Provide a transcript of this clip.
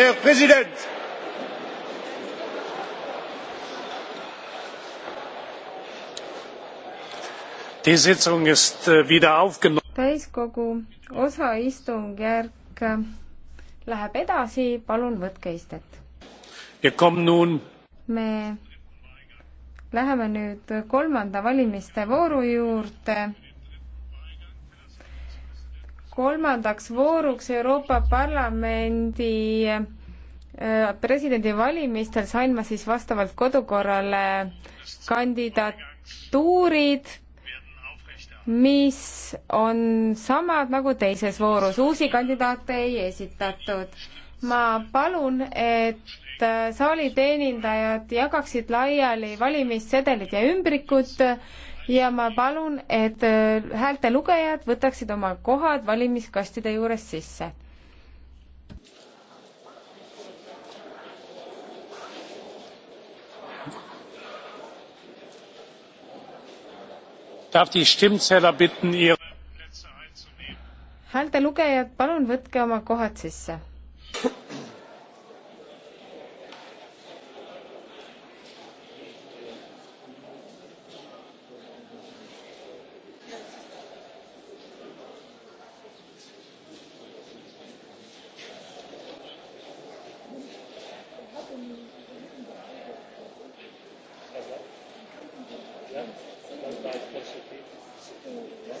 Herr Präsident! Die Sitzung ist äh, wieder aufgenommen. täiskogu osaistungjärk äh, läheb edasi, palun võtke istet. me läheme nüüd kolmanda valimiste vooru juurde kolmandaks vooruks Euroopa Parlamendi Äh, presidendivalimistel sain ma siis vastavalt kodukorrale kandidatuurid, mis on samad nagu teises voorus, uusi kandidaate ei esitatud. ma palun, et äh, saali teenindajad jagaksid laiali valimissedelid ja ümbrikud ja ma palun, et äh, häälte lugejad võtaksid oma kohad valimiskastide juures sisse darf die Stimmzähler bitten, ihre Plätze einzunehmen. häältelugejad, palun võtke oma kohad sisse. Yeah. Thank you.